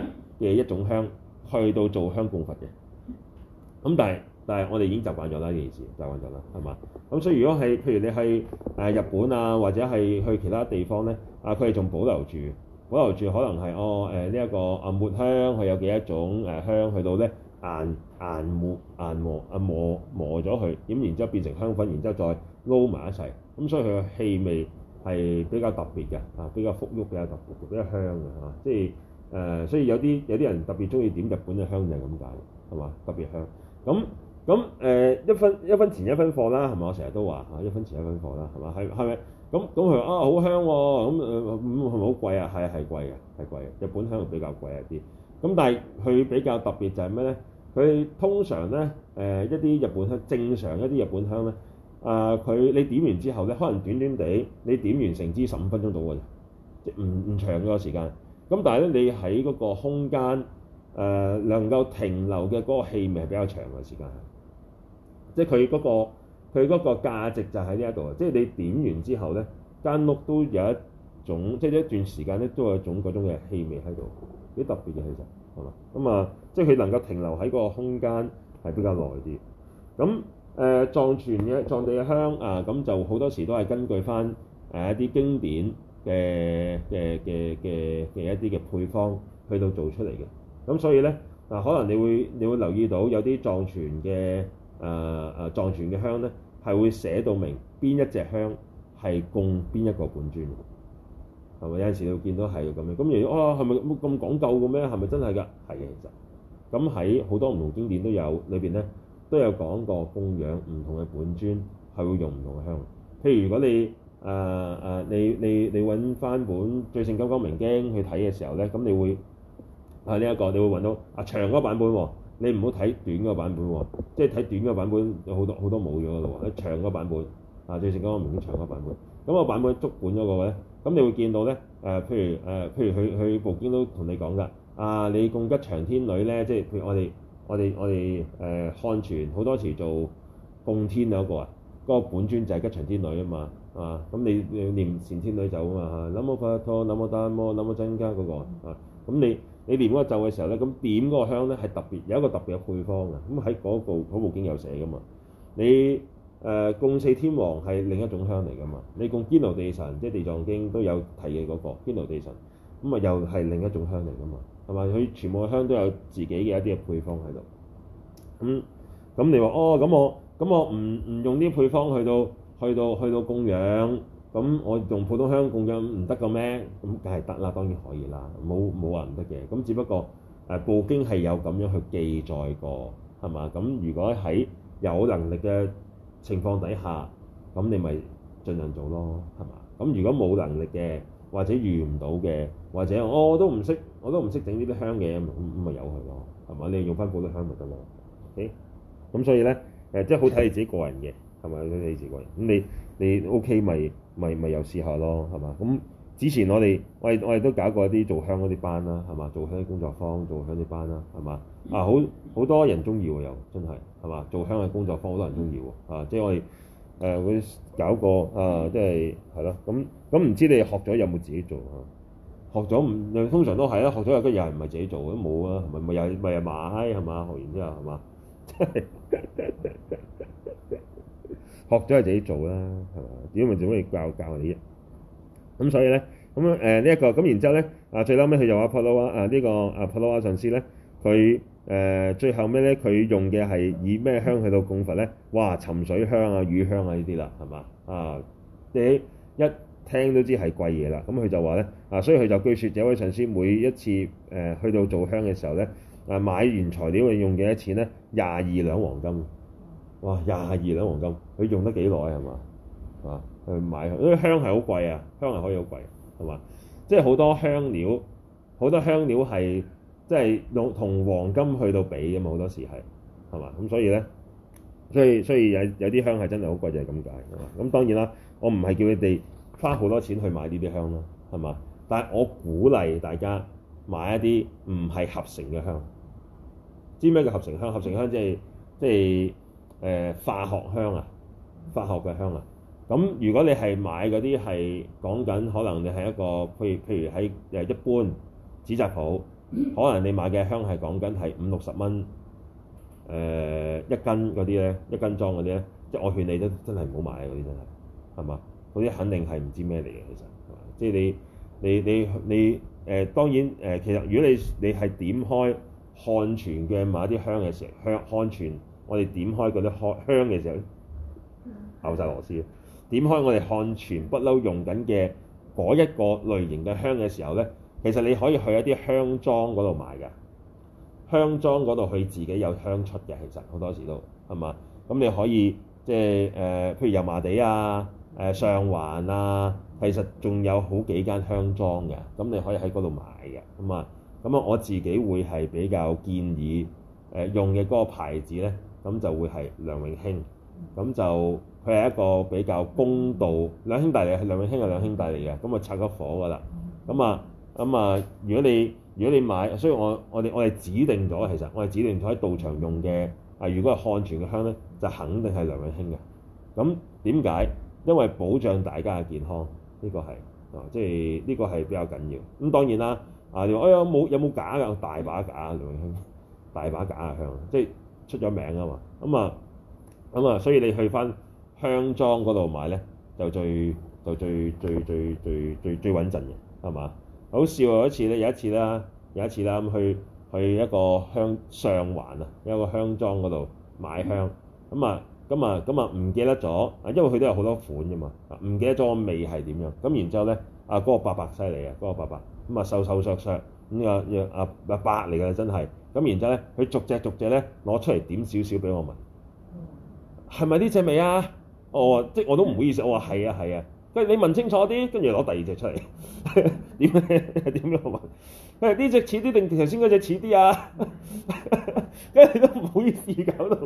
嘅一種香去到做香供佛嘅。咁但係。但係我哋已經習慣咗啦，呢件事習慣咗啦，係嘛？咁所以如果係譬如你係誒日本啊，或者係去其他地方咧，啊佢哋仲保留住保留住，可能係哦誒呢一個啊抹香，佢有幾多種誒香，去到咧硬研抹研磨啊磨磨咗佢，咁然之後變成香粉，然之後再撈埋一齊，咁所以佢嘅氣味係比較特別嘅，啊比較馥郁，比較特別，比較香嘅嚇，即係誒，所以有啲有啲人特別中意點日本嘅香就係咁解，係嘛？特別香咁。咁誒、呃、一分一分錢一分貨啦，係咪？我成日都話嚇，一分錢一分貨啦，係嘛？係係咪？咁咁佢啊好香喎，咁咁係咪好貴啊？係係貴嘅，係貴嘅。日本香比較貴一啲。咁但係佢比較特別就係咩咧？佢通常咧誒、呃、一啲日本香正常一啲日本香咧，啊佢你點完之後咧，可能短短地你點完成支十五分鐘到嘅啫，即唔唔長嘅時間。咁但係咧，你喺嗰個空間誒、呃、能夠停留嘅嗰個氣味係比較長嘅時間。即係佢嗰個佢嗰個價值就喺呢一度。即係你點完之後咧，間屋都有一種，即係一段時間咧，都有一種嗰種嘅氣味喺度，幾特別嘅其實，係嘛咁啊？即係佢能夠停留喺個空間係比較耐啲。咁誒、呃，藏傳嘅藏地香啊，咁就好多時都係根據翻誒一啲經典嘅嘅嘅嘅嘅一啲嘅配方去到做出嚟嘅。咁所以咧嗱、啊，可能你會你會留意到有啲藏傳嘅。誒誒，藏傳嘅香咧，係會寫到明邊一隻香係供邊一個本尊，係咪有陣時你會見到係咁樣？咁如哦，係咪咁講究嘅咩？係咪真係㗎？係嘅，其實咁喺好多唔同經典都有，裏邊咧都有講過供養唔同嘅本尊係會用唔同嘅香的。譬如如果你誒誒、啊、你你你揾翻本《最勝金光明經》去睇嘅時候咧，咁你會係呢一個，你會揾到啊長嗰版本喎、啊。你唔好睇短嘅版本喎、啊，即係睇短嘅版本有好多好多冇咗嘅嘞喎，喺長嘅版本啊最近嗰個唔止長嘅版本，咁、啊、個版本足本嗰個咧，咁你會見到咧誒、呃，譬如誒、呃、譬如佢佢部經都同你講㗎，啊你供吉祥天女咧，即係譬如我哋我哋我哋誒漢傳好多時做供天嗰個啊，嗰、那個本尊就係吉祥天女啊嘛，啊咁你你念善天女咒啊嘛，南無法阿陀南無大阿摩南無僧伽嗰個啊，咁、那個啊、你。你念嗰個咒嘅時候咧，咁點嗰個香咧係特別，有一個特別嘅配方嘅。咁喺嗰部嗰部經有寫噶嘛？你誒供、呃、四天王係另一種香嚟噶嘛？你供堅牢地神，即係地藏經都有提嘅嗰、嗰個堅牢地神，咁啊又係另一種香嚟噶嘛？係咪？佢全部香都有自己嘅一啲嘅配方喺度。咁咁你話哦，咁我咁我唔唔用啲配方去到去到去到供養。咁我用普通香供養唔得嘅咩？咁梗係得啦，當然可以啦，冇冇話唔得嘅。咁只不過誒、呃部經係有咁樣去記載過，係嘛？咁如果喺有能力嘅情況底下，咁你咪盡量做咯，係嘛？咁如果冇能力嘅，或者遇唔到嘅，或者我都唔識，我都唔識整呢啲香嘅，咁咪由佢咯，係嘛？你用翻普通香咪得咯。Okay，咁所以咧誒、呃，即係好睇你自己個人嘅。 係咪你自，個人？咁你你 O K，咪咪咪又試下咯，係嘛？咁之前我哋我我哋都搞過一啲做香啲班啦，係嘛？做香啲工作坊，做香啲班啦，係嘛？啊，好好多人中意喎，又真係係嘛？做香嘅工作坊好多人中意喎，啊，即係我哋誒、呃、搞個啊，即係係咯。咁咁唔知你學咗有冇自己做啊？學咗唔通常都係啦，學咗有啲人唔係自己做都冇啊，唔係咪又咪又買係嘛？學完之後係嘛？真係。 學咗係自己做啦，係嘛？點解咪仲可以教教你？啫？咁所以咧，咁樣呢一個咁，然之後咧啊，最嬲尾佢又話樸穹瓦啊呢個啊樸穹瓦上師咧，佢誒、呃、最後尾咧佢用嘅係以咩香去到供佛咧？哇！沉水香啊、乳香啊呢啲啦，係嘛啊？你一聽都知係貴嘢啦。咁、啊、佢就話咧啊，所以佢就據説這位上師每一次誒、呃、去到做香嘅時候咧，啊買完材料佢用幾多錢咧？廿二兩黃金。哇！廿二兩黃金，佢用得幾耐係嘛？係嘛？去買香因為香係好貴啊，香係可以好貴，係嘛？即係好多香料，好多香料係即係用同黃金去到比嘅嘛，好多時係係嘛？咁所以咧，所以所以，所以有有啲香係真係好貴就係咁解。咁當然啦，我唔係叫你哋花好多錢去買呢啲香啦，係嘛？但係我鼓勵大家買一啲唔係合成嘅香。知咩叫合成香？合成香即係即係。就是誒化學香啊，化學嘅香啊，咁如果你係買嗰啲係講緊，可能你係一個譬如譬如喺誒一般紙紮鋪，可能你買嘅香係講緊係五六十蚊誒一斤嗰啲咧，一斤裝嗰啲咧，即係我勸你都真係唔好買嗰啲真係，係嘛？嗰啲肯定係唔知咩嚟嘅其實，即係、就是、你你你你誒、呃、當然誒、呃、其實如果你你係點開漢泉嘅買啲香嘅時候，香漢，漢泉。我哋點開嗰啲香嘅時候咧，扭曬螺絲；點開我哋漢泉不嬲用緊嘅嗰一個類型嘅香嘅時候咧，其實你可以去一啲香莊嗰度買噶。香莊嗰度佢自己有香出嘅，其實好多時都係嘛。咁你可以即係誒，譬如油麻地啊、誒、呃、上環啊，其實仲有好幾間香莊嘅。咁你可以喺嗰度買嘅。咁啊，咁啊，我自己會係比較建議誒、呃、用嘅嗰個牌子咧。咁就會係梁永興，咁就佢係一個比較公道兩兄弟嚟嘅，梁永興係兩兄弟嚟嘅。咁啊拆咗火噶啦，咁啊咁啊如果你如果你買，所以我我哋我哋指定咗其實我哋指定咗喺道場用嘅，啊如果係漢傳嘅香咧，就肯定係梁永興嘅。咁點解？因為保障大家嘅健康，呢、這個係啊、哦，即係呢、這個係比較緊要。咁當然啦，啊你話哎呀有冇有冇假㗎？有大把假梁永興，大把假嘅香，即係。出咗名啊嘛，咁啊咁啊，所以你去翻香莊嗰度買咧，就最就最最最最最最穩陣嘅，係嘛？好笑啊！有一次咧，有一次啦，有一次啦，咁去去一個香上環啊，一個香莊嗰度買香，咁啊咁啊咁啊，唔記得咗，因為佢都有好多款啫嘛，唔記得咗個味係點樣，咁然之後咧，啊嗰個伯伯犀利啊，嗰個伯伯，咁啊瘦瘦削削，咁啊啊啊伯嚟噶真係。咁然之後咧，佢逐隻逐隻咧攞出嚟點少少俾我聞，係咪呢隻味啊？我、哦、即係我都唔好意思，我話係啊係啊，跟住、啊啊、你問清楚啲，跟住攞第二隻出嚟點點樣問？誒呢隻似啲定頭先嗰隻似啲啊？跟 住都唔好意思搞到，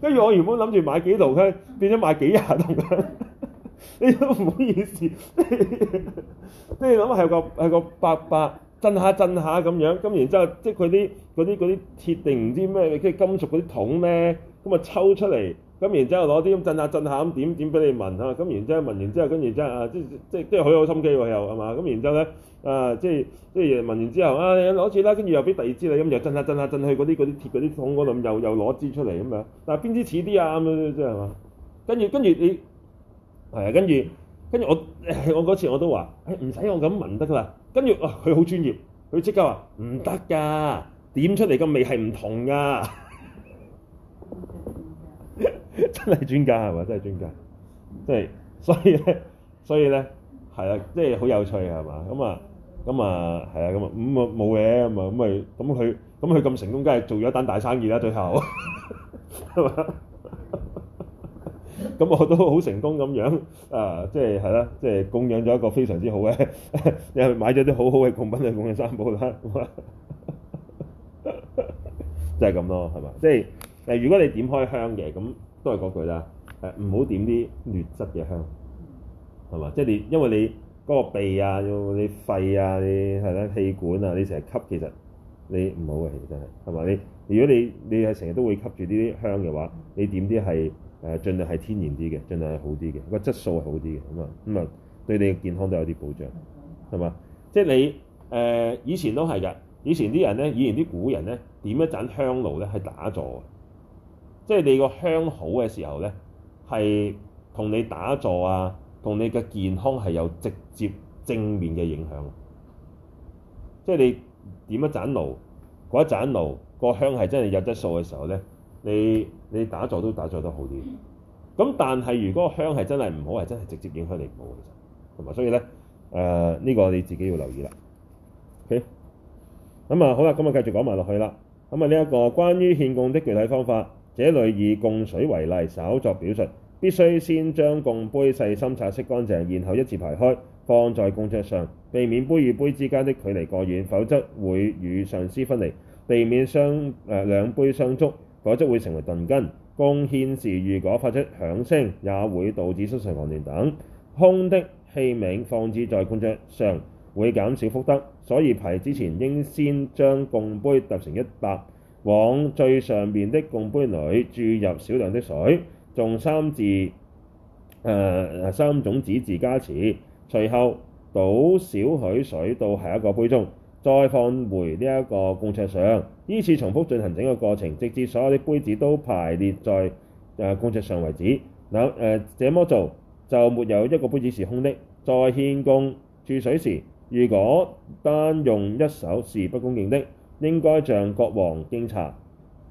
跟住我原本諗住買幾棟嘅，變咗買幾廿棟嘅，你 都唔好意思。跟住諗係個係個伯伯震下震下咁樣，咁然之後、就是、即係佢啲。嗰啲啲鐵定唔知咩嘅，即係金屬嗰啲桶咧，咁啊抽出嚟，咁然之後攞啲咁震下震下咁點點俾你聞嚇，咁、啊、然之後聞完之後，跟住之後,後啊，即係即係即係好有心機喎，又係嘛？咁然之後咧啊，即係即係聞完之後啊，攞住啦，跟、啊、住又俾第二支、啊啊啊、你，咁又震下震下震去嗰啲啲鐵嗰啲桶嗰度，又又攞支出嚟咁樣，但係邊支似啲啊？咁樣即係嘛？跟住跟住你係啊，跟住跟住我我嗰次我都話唔使我咁聞得啦，跟住佢好專業，佢即刻話唔得㗎。點出嚟嘅味係唔同噶， 真係專家係嘛？真係專家，即係所以咧，所以咧係啊，即係好有趣係嘛？咁啊，咁啊係啊，咁啊咁啊冇嘢咁啊咁啊，咁佢咁佢咁成功，梗係做咗一單大生意啦。最後係嘛？咁 我都好成功咁樣啊！即係係啦，即係供養咗一個非常之好嘅，又 買咗啲好好嘅供品嚟供養三寶啦。 即係咁咯，係嘛？即係誒、呃，如果你點開香嘅，咁都係嗰句啦。誒、呃，唔好點啲劣質嘅香，係嘛？即係你，因為你嗰個鼻啊，你肺啊，你係啦，氣管啊，你成日吸，其實你唔好嘅，真係係嘛？你如果你你係成日都會吸住呢啲香嘅話，你點啲係誒，盡量係天然啲嘅，盡量係好啲嘅，個質素係好啲嘅咁啊，咁啊，對你嘅健康都有啲保障，係嘛？即係你誒、呃，以前都係㗎，以前啲人咧，以前啲古人咧。點一盞香爐咧，係打坐嘅，即係你個香好嘅時候咧，係同你打坐啊，同你嘅健康係有直接正面嘅影響。即係你點一盞爐，嗰一盞爐、嗰個香係真係有質素嘅時候咧，你你打坐都打坐得好啲。咁但係如果香係真係唔好，係真係直接影響你唔好嘅。其實同埋所以咧，誒、呃、呢、呢個你自己要留意啦。OK，咁、嗯、啊好啦，咁啊繼續講埋落去啦。咁啊！呢一、這個關於獻供的具體方法，這裏以供水為例，稍作表述。必須先將供杯細心擦拭乾淨，然後一字排開放在供桌上，避免杯與杯之間的距離過遠，否則會與上師分離；避免雙誒、呃、兩杯相觸，否則會成為鈍根。供獻時如果發出響聲，也會導致失常狂亂等。空的器皿放置在供桌上，會減少福德，所以排之前應先將供杯疊成一疊，往最上面的供杯裏注入少量的水，仲三字、呃、三種子字加持，隨後倒少許水到下一個杯中，再放回呢一個供桌上，依次重複進行整個過程，直至所有的杯子都排列在誒供桌上為止。那、呃、誒這麼做就沒有一個杯子是空的。再獻供注水時，如果單用一手是不恭敬的，應該像國王敬茶。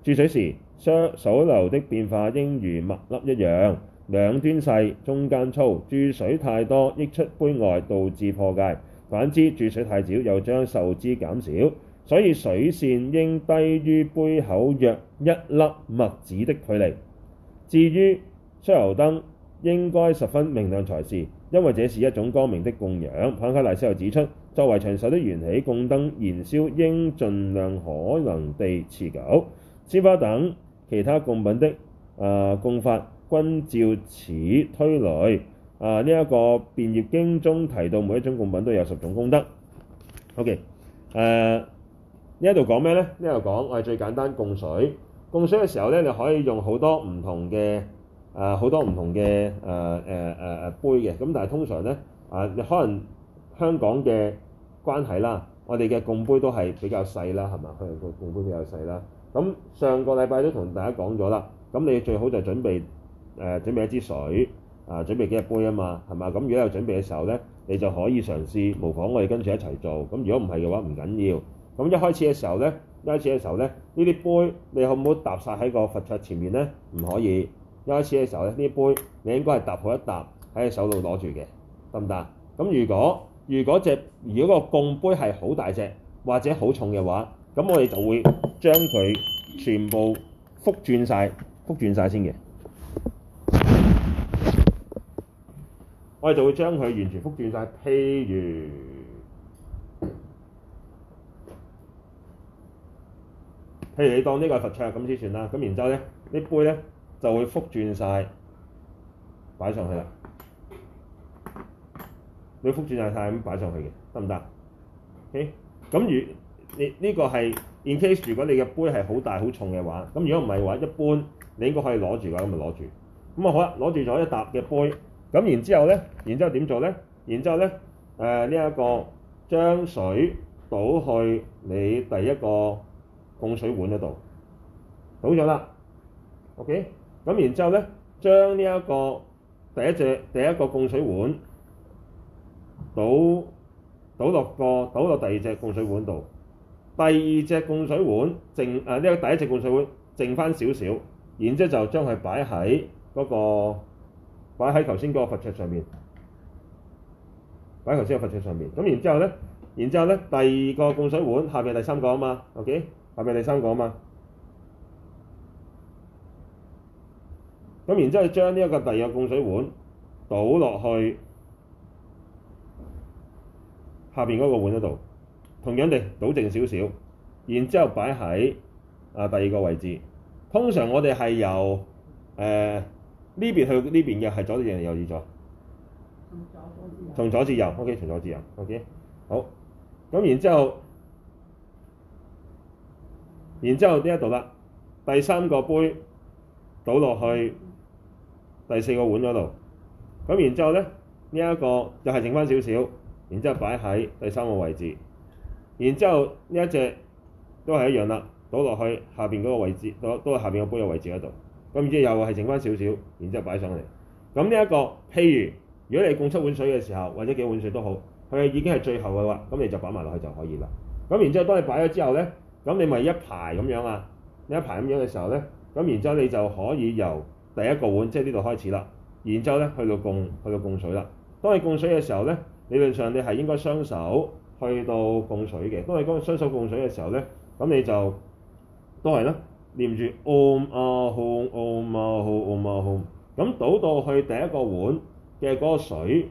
注水時，水流的變化應如麥粒一樣，兩端細，中間粗。注水太多溢出杯外，導致破戒；反之，注水太少又將受用減少。所以水線應低於杯口約一粒麥子的距離。至於酥油燈，應該十分明亮才是。因為這是一種光明的供養。帕繃喀大師又指出，作為長壽的緣起，供燈燃燒應盡量可能地持久。鮮花等其他供品的啊、呃、供法均照此類推。啊呢一個《變業經》中提到，每一種供品都有十種功德。OK，誒呢一度講咩呢？呢度講我哋最簡單供水。供水嘅時候咧，你可以用好多唔同嘅。誒好、呃、多唔同嘅誒誒誒誒杯嘅，咁但係通常咧，啊、呃、可能香港嘅關係啦，我哋嘅供杯都係比較細啦，係嘛？佢能個供杯比較細啦。咁上個禮拜都同大家講咗啦，咁你最好就準備誒、呃、準備一支水啊、呃，準備幾隻杯啊嘛，係嘛？咁如果有準備嘅時候咧，你就可以嘗試模仿我哋跟住一齊做。咁如果唔係嘅話唔緊要。咁一開始嘅時候咧，一開始嘅時候咧，呢啲杯你可唔可以搭晒喺個佛桌前面咧？唔可以。有一開始嘅時候咧，呢杯你應該係搭好一疊喺隻手度攞住嘅，得唔得？咁如果如果隻如果個供杯係好大隻或者好重嘅話，咁我哋就會將佢全部覆轉曬，覆轉曬先嘅。我哋就會將佢完全覆轉曬，譬如譬如你當這個是這呢個係供桌咁先算啦。咁然之後咧，呢杯咧。就會覆轉晒擺上去啦，你要覆轉晒曬咁擺上去嘅，得唔得？OK，咁如你呢、這個係 in case 如果你嘅杯係好大好重嘅話，咁如果唔係話一般，你應該可以攞住嘅，咁咪攞住。咁啊好啦，攞住咗一沓嘅杯，咁然之後咧，然之後點做咧？然之後咧，誒呢一、呃這個將水倒去你第一個供水碗嗰度，倒咗啦，OK。咁然之後咧，將呢一個第一隻第一個供水碗倒倒落個倒落第二隻供水碗度。第二隻供水碗剩，誒呢個第一隻供水碗剩翻少少，然之後就將佢擺喺嗰個擺喺頭先嗰個佛桌上面，擺喺頭先個佛桌上面。咁然之後咧，然後咧，第二個供水碗下面第三個啊嘛，OK，下面第三個啊嘛。咁然之後將呢個第二個供水碗倒落去下面嗰個碗嗰度，同樣地倒正少少，然之後擺喺第二個位置。通常我哋係由誒呢邊去呢邊嘅係左至定右耳左左至右，右至左，從左至右。OK，從左至右。OK，好。咁然之後，然之後呢度啦，第三個杯倒落去。第四個碗嗰度，咁然之後咧，呢一個就係剩翻少少，然之後擺喺第三個位置，然之後呢一隻都係一樣啦，倒落去下邊嗰個位置，倒都係下邊個杯嘅位置嗰度，咁然之後又係剩翻少少，然之後擺上嚟。咁呢一個，譬如如果你供七碗水嘅時候，或者幾碗水都好，佢已經係最後嘅話，咁你就擺埋落去就可以啦。咁然之後，當你擺咗之後咧，咁你咪一排咁樣啊，呢一排咁樣嘅時候咧，咁然之後你就可以由第一個碗即係呢度開始啦，然之後咧去到供去到供水啦。當你供水嘅時候咧，理論上你係應該雙手去到供水嘅。當你雙雙手供水嘅時候咧，咁你就都係啦，唸住 Om 啊 Hum，Om 啊 Hum，Om 啊 Hum。咁倒到去第一個碗嘅嗰個水，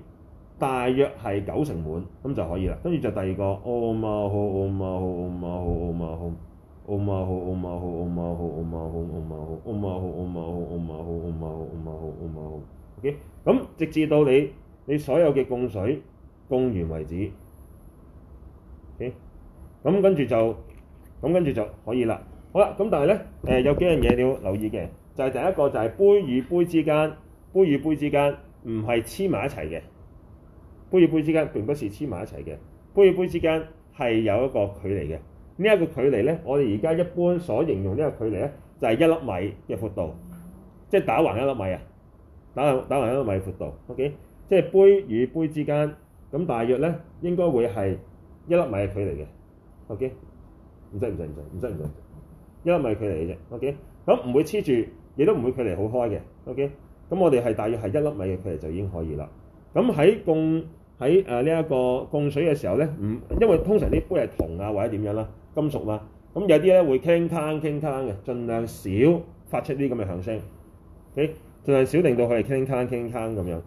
大約係九成滿咁就可以啦。跟住就第二個 Om 啊 Hum，Om 啊 Hum，Om 啊 Hum，Om 啊 Hum。好嘛好，好嘛好，好嘛好，好嘛好，好嘛好，好嘛好，好嘛好，好嘛好，好嘛好，好嘛好。O.K. 咁直至到你你所有嘅供水供完為止。咁、okay? 跟住就咁跟住就可以啦。好啦，咁但係咧誒有幾樣嘢你要留意嘅，就係、是、第一個就係杯與杯之間，杯與杯之間唔係黐埋一齊嘅。杯與杯之間並不是黐埋一齊嘅，杯與杯之間係有一個距離嘅。呢一個距離咧，我哋而家一般所形容呢個距離咧，就係、是、一粒米嘅闊度，即係打，打橫一粒米啊，打橫打橫一粒米闊度，OK，即係杯與杯之間咁大約咧，應該會係一粒米嘅距離嘅，OK，唔使唔使唔使，唔使唔使，一粒米距離嘅啫，OK，咁唔會黐住，亦都唔會距離好開嘅，OK，咁我哋係大約係一粒米嘅距離就已經可以啦。咁喺供喺誒呢一個供水嘅時候咧，唔、嗯、因為通常啲杯係銅啊或者點樣啦。金屬嘛，咁有啲咧會傾聽傾聽嘅，儘量少發出啲咁嘅響聲，儘量少令到佢哋傾聽傾聽咁樣。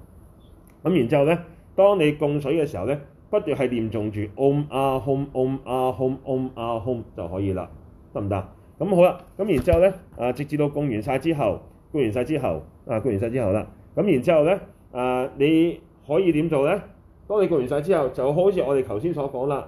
咁然之後咧，當你供水嘅時候咧，不斷係念重住 Om 啊 home Om 啊 home Om 啊 home 就可以啦，得唔得？咁好啦，咁然之後咧，啊，直至到供完晒之後，供完晒之後，啊，供完晒之後啦，咁然之後咧，啊，你可以點做咧？當你供完晒之後，就好似我哋頭先所講啦。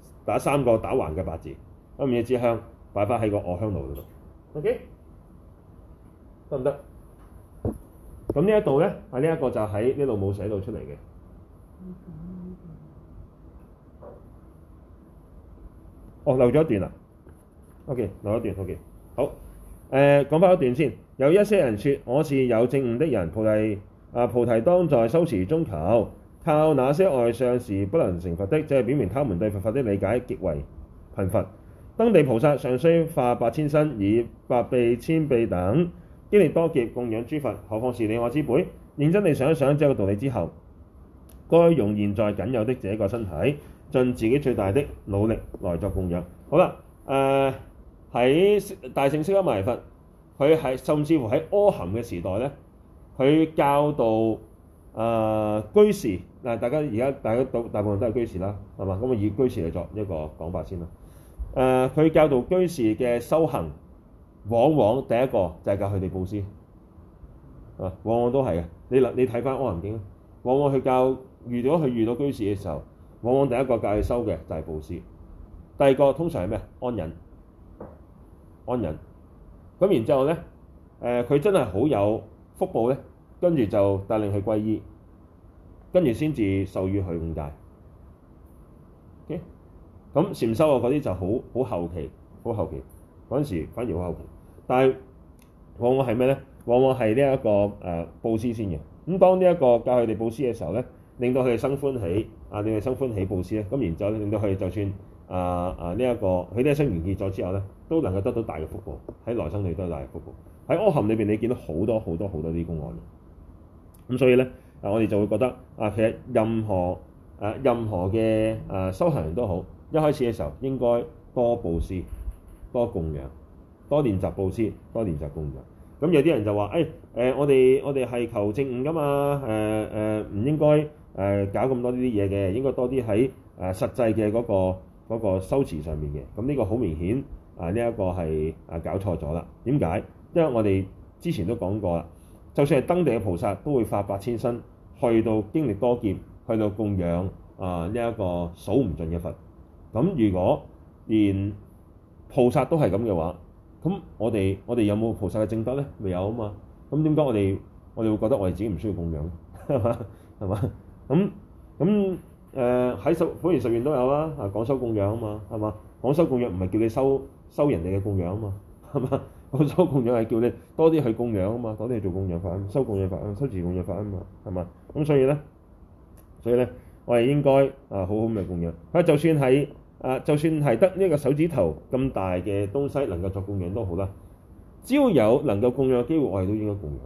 打三個打橫嘅八字，咁嘢支香擺翻喺個臥香爐嗰度。OK，得唔得？咁呢一度呢？啊呢一、呢個就喺呢度冇寫到出嚟嘅。哦，漏咗一段啊。OK，漏咗一段。OK，好。誒、呃，講翻一段先。有一些人說，我是有證悟的人。菩提啊，菩提當在修持中求。靠那些外相是不能成佛的，這係表明他們對佛法的理解極為貧乏。登地菩薩尚需化百千身，以百臂千臂等經歷多劫供養諸佛，何況是你我之輩？認真地想一想，這個道理之後，該用現在僅有的這個身體，盡自己最大的努力來作供養。好啦，誒、呃、喺大聖釋迦牟尼佛，佢係甚至乎喺阿含嘅時代咧，佢教導誒、呃、居士。嗱，大家而家大家大大部分都係居士啦，係嘛？咁啊，以居士嚟作一個講法先啦。誒、呃，佢教導居士嘅修行，往往第一個就係教佢哋布施，係、啊、往往都係嘅。你你睇翻《安忍經》，往往佢教遇到佢遇到居士嘅時候，往往第一個教佢修嘅就係布施，第二個通常係咩？安忍，安忍。咁然之後咧，誒、呃，佢真係好有福報咧，跟住就帶領去皈依。跟住先至授予佢五大，咁禪修嗰啲就好好後期，好後期嗰陣時反而好後期，但係往往係咩咧？往往係呢一個誒佈施先嘅。咁當呢一個教佢哋布施嘅時候咧，令到佢哋生歡喜啊，令佢哋生歡喜布施咧，咁然之後令到佢哋就算、呃、啊啊呢、這個、一個佢呢一生完結咗之後咧，都能夠得到大嘅福報喺來生裏都得大嘅福報喺阿含裏邊你見到好多好多好多啲公案咁所以咧。啊！我哋就會覺得啊，其實任何誒、啊、任何嘅誒、啊、修行人都好，一開始嘅時候應該多布施、多供養、多練習布施、多練習供養。咁有啲人就話：誒、哎、誒、呃，我哋我哋係求證悟㗎嘛？誒、呃、誒，唔、呃、應該誒、呃、搞咁多呢啲嘢嘅，應該多啲喺誒實際嘅嗰個修持上面嘅。咁呢個好明顯啊！呢、這、一個係啊搞錯咗啦。點解？因為我哋之前都講過啦，就算係登地嘅菩薩，都會發八千身。去到經歷多劫，去到供養啊呢一個數唔盡嘅佛。咁如果連菩薩都係咁嘅話，咁我哋我哋有冇菩薩嘅證德咧？未有啊嘛。咁點解我哋我哋會覺得我哋自己唔需要供養？係嘛？係嘛？咁咁誒喺十普賢十願都有啦。啊，廣修供養啊嘛，係嘛？廣修供養唔係叫你收收人哋嘅供養啊嘛，係嘛？我 收供養係叫你多啲去供養啊嘛，多啲去做供養法啊，收供養法啊，收住供養法啊嘛，係嘛？咁所以咧，所以咧，我哋應該啊、呃、好好咁去供養。啊、呃，就算係啊，就算係得呢個手指頭咁大嘅東西能夠作供養都好啦。只要有能夠供養嘅機會，我哋都應該供養。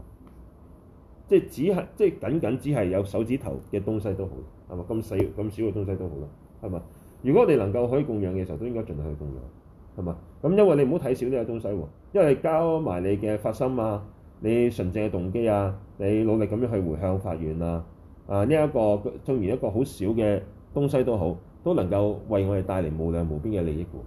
即係只係即係，僅僅只係有手指頭嘅東西都好，係嘛？咁細咁少嘅東西都好啦，係嘛？如果我哋能夠可以供養嘅時候，都應該盡量去供養。係嘛？咁因為你唔好睇少呢個東西喎、啊，因為交埋你嘅發心啊，你純正嘅動機啊，你努力咁樣去回向法緣啊，啊呢一、這個，縱然一個好少嘅東西都好，都能夠為我哋帶嚟無量無邊嘅利益喎、啊，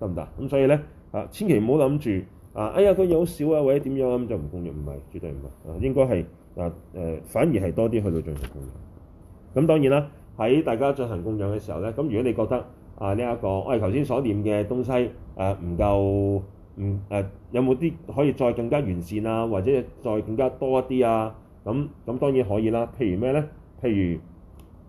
得唔得？咁所以咧啊，千祈唔好諗住啊，哎呀，佢嘢好少啊，或者點樣咁、啊、就唔供養，唔係絕對唔係、啊，應該係嗱誒，反而係多啲去到進行供養。咁當然啦、啊，喺大家進行供養嘅時候咧，咁如果你覺得，啊！呢一個我哋頭先所念嘅東西誒，唔夠唔誒，有冇啲可以再更加完善啊？或者再更加多一啲啊？咁咁當然可以啦。譬如咩咧？譬如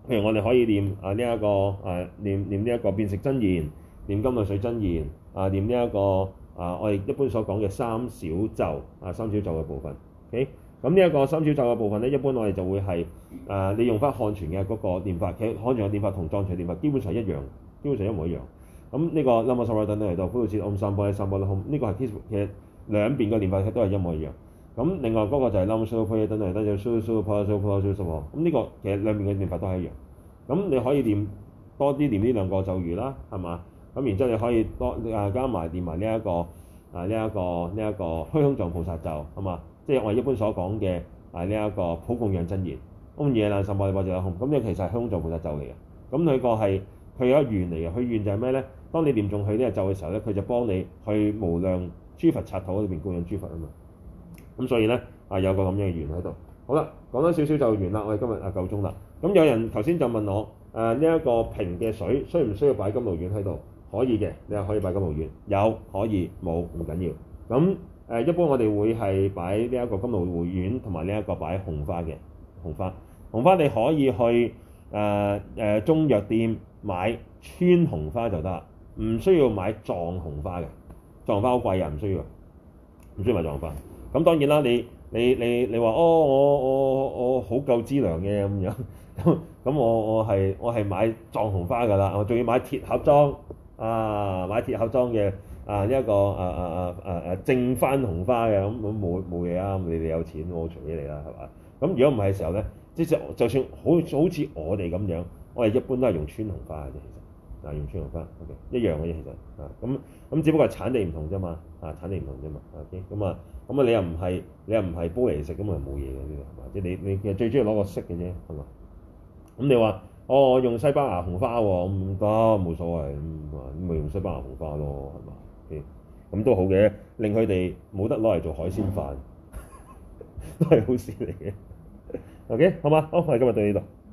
譬如我哋可以念啊呢一個誒念念呢一個變食真言，念甘露水真言啊，念呢一個啊我哋一般所講嘅三小咒啊，三小咒嘅部分。O K. 咁呢一個三小咒嘅部分咧，一般我哋就會係誒你用翻漢傳嘅嗰個念法，其實漢傳嘅念法同藏傳嘅念法基本上係一樣。基本一模一樣。咁、嗯、呢、這個 number seven 咧嚟到，普度師唵三波哩三波羅空。呢個係其實兩邊嘅念法都係一模一樣。咁、嗯、另外嗰個就係 number seven 咧嚟到，就數數波哩數波哩數十號。咁呢個其實兩邊嘅念法都係一樣。咁、嗯、這個嗯、你可以念多啲念呢兩個咒語啦，係嘛？咁、嗯、然之後你可以多加、這個、啊加埋念埋呢一個啊呢一個呢一、這個虛空藏菩薩咒，係嘛？即係我哋一般所講嘅啊呢一、這個普供養真言，唵耶楞三波哩波哩波羅空。咁呢其實係虛空藏菩薩咒嚟嘅。咁佢一個係。佢有一願嚟嘅，佢願就係咩咧？當你念重佢呢個咒嘅時候咧，佢就幫你去無量諸佛剎土裏邊供養諸佛啊嘛。咁所以咧啊，有個咁樣嘅願喺度。好啦，講多少少就完啦。我哋今日啊夠鐘啦。咁有人頭先就問我誒呢一個瓶嘅水需唔需要擺甘露丸喺度？可以嘅，你又可以擺甘露丸。有可以，冇唔緊要。咁誒、呃、一般我哋會係擺呢一個甘露會丸同埋呢一個擺紅花嘅紅花。紅花你可以去。誒誒、呃，中藥店買川紅花就得，唔需要買藏紅花嘅，藏花好貴啊，唔需要，唔需要買藏花。咁當然啦，你你你你話哦，我我我，我好夠資糧嘅咁樣，咁咁我我係我係買藏紅花噶啦，我仲要買鐵盒裝啊，買鐵盒裝嘅啊一個啊啊啊啊正番紅花嘅，咁咁冇冇嘢啦，你哋有錢我隨你啦，係嘛？咁如果唔係時候咧。即就算好好似我哋咁樣，我哋一般都係用川紅花嘅啫，其實啊，用川紅花，OK，一樣嘅啫，其實啊，咁、嗯、咁只不過係產地唔同啫嘛，啊，產地唔同啫嘛，OK，咁啊，咁、嗯、啊、嗯嗯，你又唔係你又唔係煲嚟食，咁啊冇嘢嘅，呢個係嘛？即你你最中意攞個色嘅啫，係嘛？咁、嗯、你話哦，我用西班牙紅花喎、啊，唔、嗯、得，冇所謂咁啊，咪用西班牙紅花咯，係嘛？OK，咁都好嘅，令佢哋冇得攞嚟做海鮮飯，嗯、 都係好事嚟嘅。OK，好嘛，好，係今日到呢度。